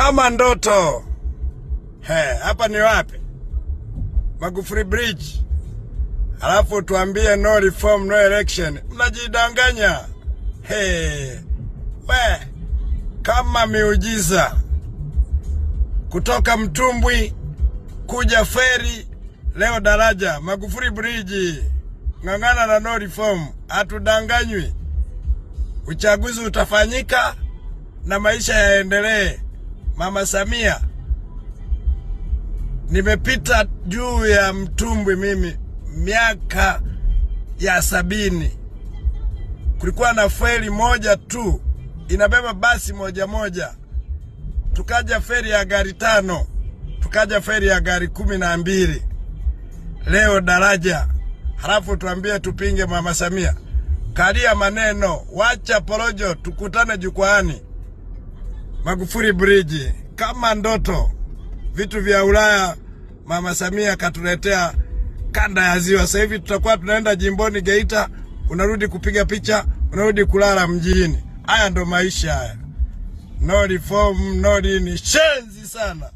kama ndoto. He, hapa ni wapi? magufuri Bridge. Alafu tuambie no reform no election. Mnajidanganya. He. We, kama miujiza kutoka mtumbwi kuja feri leo daraja magufuri Bridge. Ng'ang'ana na no reform, hatudanganywi. Uchaguzi utafanyika na maisha yaendelee. Mama Samia, nimepita juu ya mtumbwi mimi miaka ya sabini. Kulikuwa na feri moja tu inabeba basi moja moja, tukaja feri ya gari tano, tukaja feri ya gari kumi na mbili. Leo daraja, halafu tuambie tupinge mama Samia? Kalia maneno, wacha porojo, tukutane jukwaani. Magufuli Bridge kama ndoto. Vitu vya Ulaya Mama Samia katuletea kanda ya ziwa. Sasa hivi tutakuwa tunaenda jimboni Geita, unarudi kupiga picha, unarudi kulala mjini. Haya ndo maisha haya. No reform, no dini. Shenzi sana.